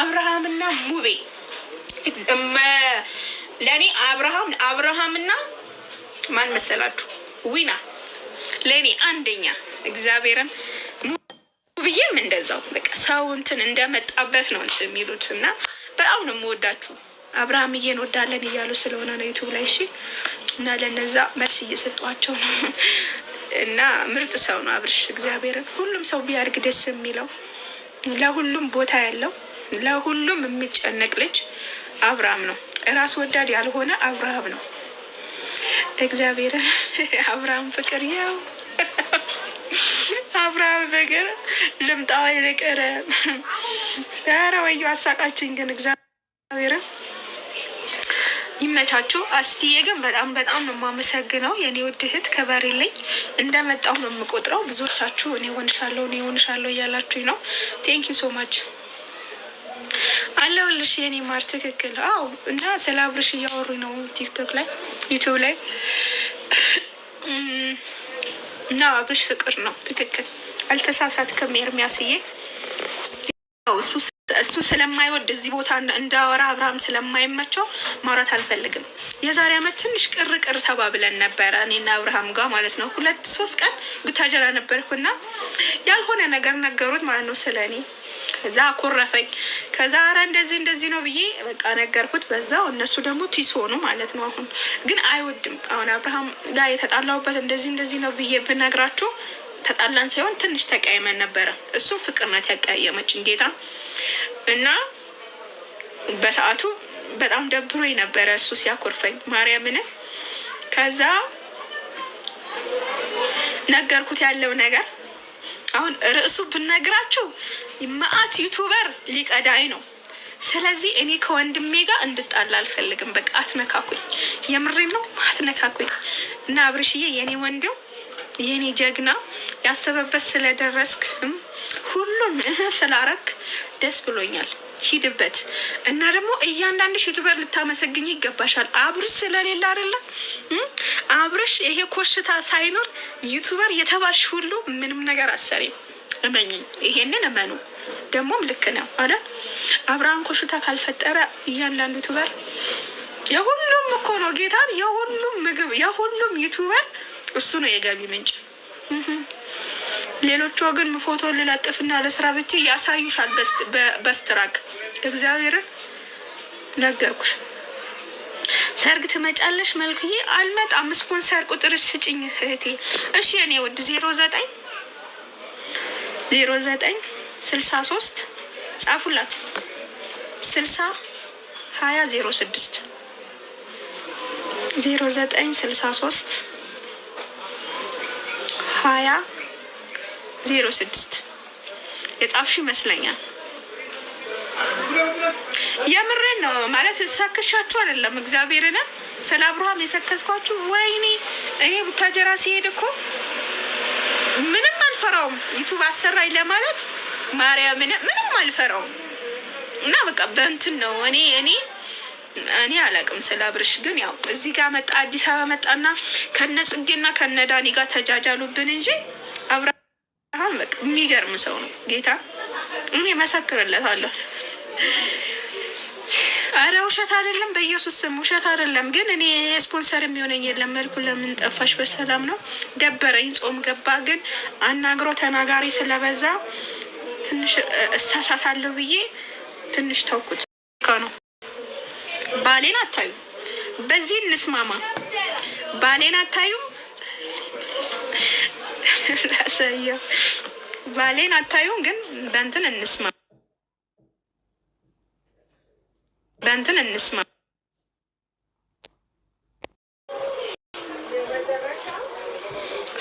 አብርሃምና ሙቤ ለእኔ አብርሃም አብርሃምና ማን መሰላችሁ? ዊና ለእኔ አንደኛ እግዚአብሔርን ብዬም እንደዛው በቃ ሰው እንትን እንደመጣበት ነው የሚሉት እና በጣም ነው የምወዳችሁ። አብርሃም እየንወዳለን እያሉ ስለሆነ ነው ዩቱብ ላይ እሺ። እና ለነዛ መልስ እየሰጧቸው ነው። እና ምርጥ ሰው ነው አብርሽ። እግዚአብሔርን ሁሉም ሰው ቢያድግ ደስ የሚለው ለሁሉም ቦታ ያለው ለሁሉም የሚጨነቅ ልጅ አብርሃም ነው። ራስ ወዳድ ያልሆነ አብርሃም ነው። እግዚአብሔር አብርሃም ፍቅር ያው አብርሃም ፍቅር ልምጣዋ ይልቀረ ኧረ ወዩ አሳቃችን ግን እግዚአብሔር ይመቻችሁ። አስትዬ ግን በጣም በጣም ነው የማመሰግነው የእኔ ውድ እህት ከበሬልኝ እንደመጣው ነው የምቆጥረው። ብዙዎቻችሁ እኔ ሆንሻለሁ እኔ ሆንሻለሁ እያላችሁኝ ነው። ቴንኪ ዩ ሶ ማች አለሁልሽ የኔ ማር ትክክል። አዎ እና ስለ አብርሽ እያወሩኝ ነው ቲክቶክ ላይ ዩቱብ ላይ እና አብርሽ ፍቅር ነው ትክክል። አልተሳሳትክም ኤርሚያስዬ። እሱ ስለማይወድ እዚህ ቦታ እንዳወራ አብርሃም ስለማይመቸው ማውራት አልፈልግም። የዛሬ አመት ትንሽ ቅር ቅር ተባብለን ነበረ እኔና አብርሃም ጋር ማለት ነው። ሁለት ሶስት ቀን ብታጀራ ነበርኩና ያልሆነ ነገር ነገሩት ማለት ነው ስለ እኔ ከዛ አኮረፈኝ። ከዛ አረ እንደዚህ እንደዚህ ነው ብዬ በቃ ነገርኩት። በዛው እነሱ ደግሞ ፒስ ሆኑ ማለት ነው። አሁን ግን አይወድም። አሁን አብርሃም ጋር የተጣላሁበት እንደዚህ እንደዚህ ነው ብዬ ብነግራችሁ ተጣላን ሳይሆን ትንሽ ተቀያይመን ነበረ። እሱም ፍቅር ናት ያቀያየመችን ጌታ እና በሰዓቱ በጣም ደብሮ ነበረ እሱ ሲያኮርፈኝ ማርያምን። ከዛ ነገርኩት ያለው ነገር አሁን ርዕሱ ብነግራችሁ መአት ዩቱበር ሊቀዳይ ነው። ስለዚህ እኔ ከወንድሜ ጋር እንድጣላ አልፈልግም። በቃ አትነካኩኝ፣ የምሬም ነው አትነካኩኝ። እና አብርሽዬ የኔ ወንድም የኔ ጀግና ያሰበበት ስለደረስክ ሁሉም ስላረክ ደስ ብሎኛል። ሂድበት እና ደግሞ እያንዳንድሽ ዩቱበር ልታመሰግኝ ይገባሻል። አብርሽ ስለሌለ አይደለ አብርሽ ይሄ ኮሽታ ሳይኖር ዩቱበር የተባልሽ ሁሉ ምንም ነገር አሰሪም። እመኝ፣ ይሄንን እመኑ። ደግሞም ልክ ነው አለ አብርሃም ኮሽታ ካልፈጠረ እያንዳንዱ ዩቱበር የሁሉም እኮ ነው ጌታን፣ የሁሉም ምግብ፣ የሁሉም ዩቱበር እሱ ነው የገቢ ምንጭ። ሌሎቿ ግን ፎቶ ልለጥፍና ለስራ ብቻ ያሳዩሻል በስትራግ እግዚአብሔርን ነገርኩሽ። ሰርግ ትመጫለሽ መልክዬ? አልመጣም። ስፖንሰር ቁጥርሽ ስጭኝ እህቴ። እሺ የኔ ውድ ዜሮ ዘጠኝ ዜሮ ዘጠኝ ስልሳ ሶስት ጻፉላት ስልሳ ሀያ ዜሮ ስድስት ዜሮ ዘጠኝ ስልሳ ሶስት ሀያ ዜሮ ስድስት የጻፍሽ ይመስለኛል። የምሬን ነው ማለት ሰክሻችሁ አይደለም። እግዚአብሔርን ስለ አብርሃም የሰከስኳችሁ ወይኔ እኔ ቡታጀራ ሲሄድ እኮ ምንም አልፈራውም። ዩቱብ አሰራኝ ለማለት ማርያምን ምንም አልፈራውም። እና በቃ በእንትን ነው እኔ እኔ እኔ አላቅም ስለ አብርሽ ግን ያው እዚህ ጋር መጣ አዲስ አበባ መጣና ከነ ጽጌና ከነ ዳኒ ጋር ተጃጃሉብን እንጂ አብርሃም በቃ የሚገርም ሰው ነው። ጌታ እኔ መሰክርለታለሁ። አረ ውሸት አይደለም፣ በኢየሱስ ስም ውሸት አይደለም። ግን እኔ ስፖንሰር የሚሆነኝ የለም። መልኩ ለምን ጠፋሽ? በሰላም ነው። ደበረኝ። ጾም ገባ። ግን አናግሮ ተናጋሪ ስለበዛ ትንሽ እሳሳታለሁ ብዬ ትንሽ ተውኩት። ነው ባሌን አታዩ። በዚህ እንስማማ። ባሌን አታዩ። ባሌን አታዩም፣ ግን በእንትን እንስማ እሱን እንስማ።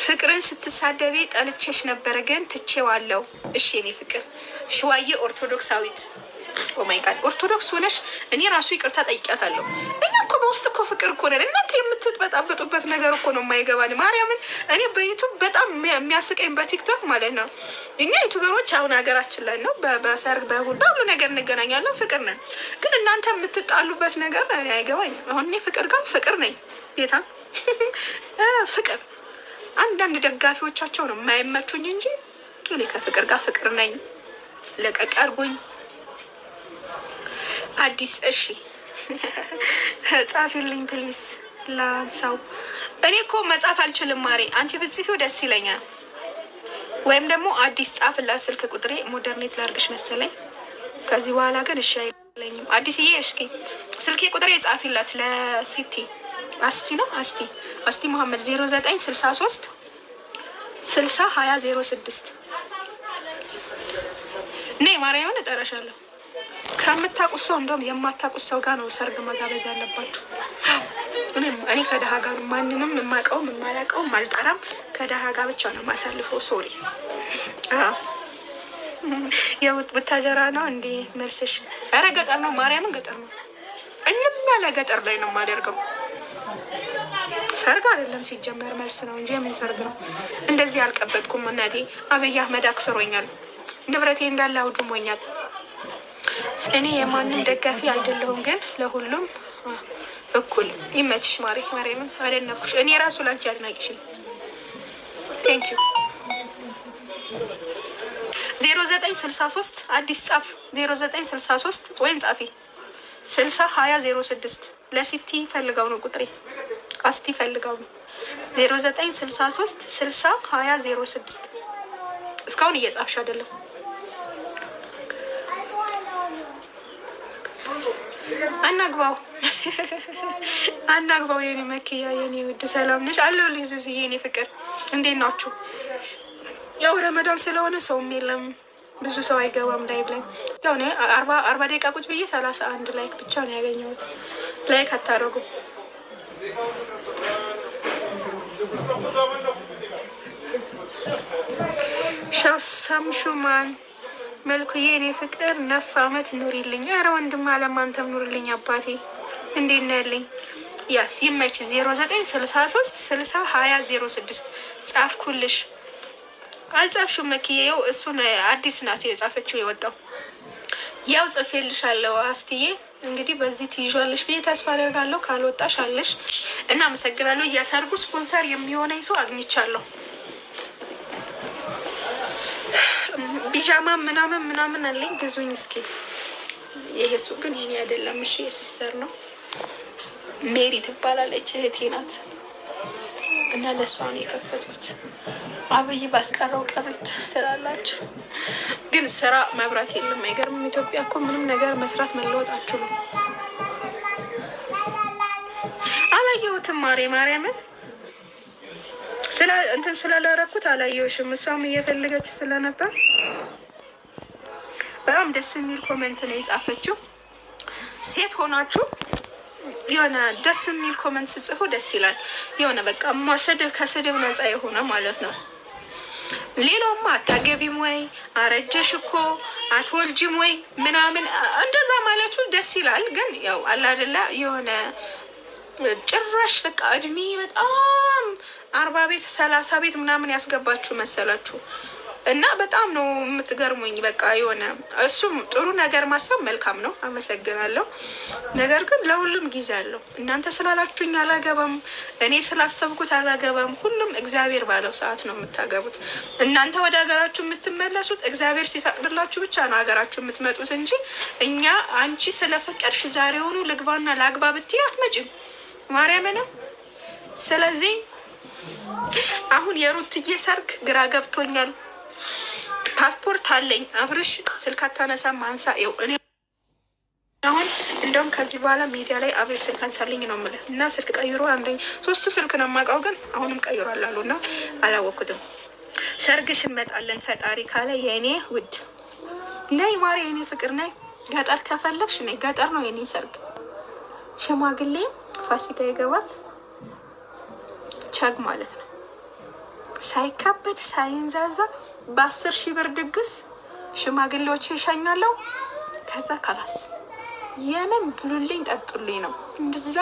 ፍቅርን ስትሳደቢ ጠልቼሽ ነበረ ግን ትቼዋለሁ። እሺ የኔ ፍቅር ሽዋዬ ኦርቶዶክሳዊት ኦማይ ጋድ ኦርቶዶክስ ሆነሽ እኔ ራሱ ይቅርታ ጠይቂያታለሁ። በውስጥ እኮ ፍቅር እኮ ነን እናንተ የምትበጣበጡበት ነገር እኮ ነው የማይገባን። ማርያምን እኔ በዩቱብ በጣም የሚያስቀኝ በቲክቶክ ማለት ነው። እኛ ዩቱበሮች አሁን ሀገራችን ላይ ነው በሰርግ በሁሉ ነገር እንገናኛለን፣ ፍቅር ነን። ግን እናንተ የምትጣሉበት ነገር አይገባኝ። አሁን እኔ ፍቅር ጋር ፍቅር ነኝ ጌታ ፍቅር አንዳንድ ደጋፊዎቻቸው ነው የማይመቹኝ እንጂ እኔ ከፍቅር ጋር ፍቅር ነኝ። ለቀቅ አድርጎኝ አዲስ እሺ ጻፊልኝ ፕሊስ ላንሳው። እኔ እኮ መጻፍ አልችልም ማሬ፣ አንቺ ብጽፊው ደስ ይለኛል። ወይም ደግሞ አዲስ ጻፍላት፣ ስልክ ቁጥሬ ሞደርኔት ላርግሽ መሰለኝ። ከዚህ በኋላ ግን እሺ አይለኝም። አዲስዬ፣ እስኪ ስልኬ ቁጥሬ ጻፊላት ለሲቲ አስቲ ነው አስቲ አስቲ መሐመድ ዜሮ ዘጠኝ ስልሳ ሶስት ስልሳ ሀያ ዜሮ ስድስት ኔ ማርያምን እጠራሻለሁ። ከምታውቁት ሰው እንደውም የማታውቁት ሰው ጋር ነው ሰርግ መጋበዝ ያለባችሁ። እኔ ከደሃ ጋር ማንንም የማውቀውም የማላውቀውም አልጠራም። ከደሃ ጋር ብቻ ነው የማሳልፈው። ሶሪ የቡታጀራ ነው እንዴ መልስሽ? ኧረ ገጠር ነው፣ ማርያምን ገጠር ነው። እልም ያለ ገጠር ላይ ነው የማደርገው። ሰርግ አይደለም ሲጀመር፣ መልስ ነው እንጂ የምን ሰርግ ነው? እንደዚህ አልቀበጥኩም እናቴ። አብይ አህመድ አክስሮኛል፣ ንብረቴ እንዳለ አውድሞኛል። እኔ የማንም ደጋፊ አይደለሁም፣ ግን ለሁሉም እኩል ይመችሽ። ማሪ ማርያምን አደነኩሽ። እኔ የራሱ ላንቺ አድናቂሽ ነኝ። ቴንክ ዩ ዜሮ ዘጠኝ ስልሳ ሶስት አዲስ ጻፍ ዜሮ ዘጠኝ ስልሳ ሶስት ወይም ጻፊ ስልሳ ሀያ ዜሮ ስድስት ለሲቲ ፈልገው ነው ቁጥሬ አስቲ ፈልገው ነው ዜሮ ዘጠኝ ስልሳ ሶስት ስልሳ ሀያ ዜሮ ስድስት እስካሁን እየጻፍሽ አይደለም። አናግባው አናግባው። የኔ መክያ የኔ ውድ ሰላም ነሽ? አለሁልሽ ዙዝዬ የኔ ፍቅር እንዴት ናችሁ? ያው ረመዳን ስለሆነ ሰውም የለም ብዙ ሰው አይገባም ላይ ብለን ያው አርባ ደቂቃ ቁጭ ብዬ ሰላሳ አንድ ላይክ ብቻ ነው ያገኘሁት። ላይክ አታረጉ ሻሳምሹማን መልኩዬ እኔ ፍቅር ነፍ አመት ኑሪልኝ። አረ ወንድም አለም አንተም ኑሪልኝ። አባቴ እንዴት ነው ያለኝ? ያ ሲመች ዜሮ ዘጠኝ ስልሳ ሶስት ስልሳ ሀያ ዜሮ ስድስት ጻፍኩልሽ። አልጻፍሽም መክዬው እሱን አዲስ ናት የጻፈችው የወጣው ያው ጽፌልሻለሁ አስትዬ እንግዲህ በዚህ ትይዣለሽ ብዬ ተስፋ አደርጋለሁ። ካልወጣሽ አለሽ። እናመሰግናለሁ። የሰርጉ ስፖንሰር የሚሆነኝ ሰው አግኝቻለሁ። ፒጃማ ምናምን ምናምን አለኝ ግዙኝ እስኪ። ይሄ ሱቅ ግን ይሄኔ አይደለም። እሺ የሲስተር ነው። ሜሪ ትባላለች እህቴ ናት። እና ለእሷ ነው የከፈቱት። አብይ ባስቀረው ቀሪት ትላላችሁ። ግን ስራ መብራት የለም። አይገርምም? ኢትዮጵያ እኮ ምንም ነገር መስራት መለወጣችሁ ነው። አላየሁትም ማሬ ማርያምን እንትን ስላላረኩት አላየሁሽም። እሷም እየፈለገች ስለነበር በጣም ደስ የሚል ኮመንት ነው የጻፈችው። ሴት ሆናችሁ የሆነ ደስ የሚል ኮመንት ስጽፉ ደስ ይላል። የሆነ በቃ ማስድብ ከስድብ ነጻ የሆነ ማለት ነው። ሌላውማ አታገቢም ወይ አረጀሽ እኮ አትወልጅም ወይ ምናምን እንደዛ ማለቱ ደስ ይላል። ግን ያው አላደላ የሆነ ጭራሽ በቃ እድሜ በጣም አርባ ቤት ሰላሳ ቤት ምናምን ያስገባችሁ መሰላችሁ። እና በጣም ነው የምትገርሙኝ። በቃ የሆነ እሱም ጥሩ ነገር ማሰብ መልካም ነው፣ አመሰግናለሁ። ነገር ግን ለሁሉም ጊዜ አለው። እናንተ ስላላችሁኝ አላገባም፣ እኔ ስላሰብኩት አላገባም። ሁሉም እግዚአብሔር ባለው ሰዓት ነው የምታገቡት። እናንተ ወደ ሀገራችሁ የምትመለሱት እግዚአብሔር ሲፈቅድላችሁ ብቻ ነው ሀገራችሁ የምትመጡት እንጂ እኛ አንቺ ስለፈቀድሽ ዛሬውኑ ልግባና ላግባ ብትይ ማርያምን። ስለዚህ አሁን የሩትዬ ሰርግ ግራ ገብቶኛል። ፓስፖርት አለኝ። አብርሽ ስልክ አታነሳም፣ አንሳ። ው እኔ አሁን እንደውም ከዚህ በኋላ ሚዲያ ላይ አብርሽ ስልክ አንሳልኝ ነው የምልህ። እና ስልክ ቀይሮ አንደኝ ሶስቱ ስልክ ነው የማውቀው፣ ግን አሁንም ቀይሯል አሉ እና አላወቅኩትም። ሰርግሽ እንመጣለን ፈጣሪ ካለ የእኔ ውድ ነይ ማሪ፣ የኔ ፍቅር ነይ። ገጠር ከፈለግሽ ነይ፣ ገጠር ነው የኔ ሰርግ ሽማግሌም ፋሲካ ይገባል። ቸግ ማለት ነው። ሳይካበድ ሳይንዛዛ በአስር ሺህ ብር ድግስ ሽማግሌዎች ይሸኛለሁ። ከዛ ካላስ የምን ብሉልኝ ጠጡልኝ ነው። እንደዛ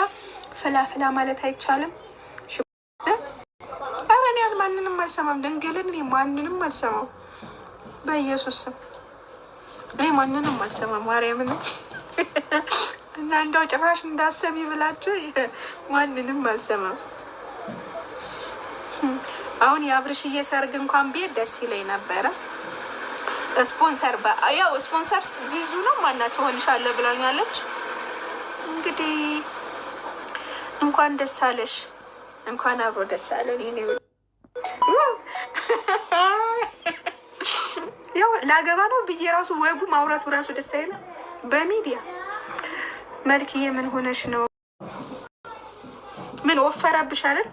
ፍላፍላ ማለት አይቻልም። ኧረ እኔ ማንንም አልሰማም። ድንግልን እኔ ማንንም አልሰማም። በኢየሱስ ስም እኔ ማንንም አልሰማም። ማርያምን እና እንደው ጭራሽ እንዳሰሚ ብላችሁ ማንንም አልሰማም። አሁን የአብርሽዬ ሰርግ እንኳን ብሄድ ደስ ይለኝ ነበረ። ስፖንሰር ያው ስፖንሰር ዚዙ ነው ማናት ትሆንሻለህ ብላኛለች። እንግዲህ እንኳን ደስ አለሽ፣ እንኳን አብሮ ደስ አለን። ያው ላገባ ነው ብዬ ራሱ ወጉ ማውራቱ ራሱ ደስ አይለ በሚዲያ መልክዬ ምን ሆነሽ ነው? ምን ወፈረብሽ አይደል?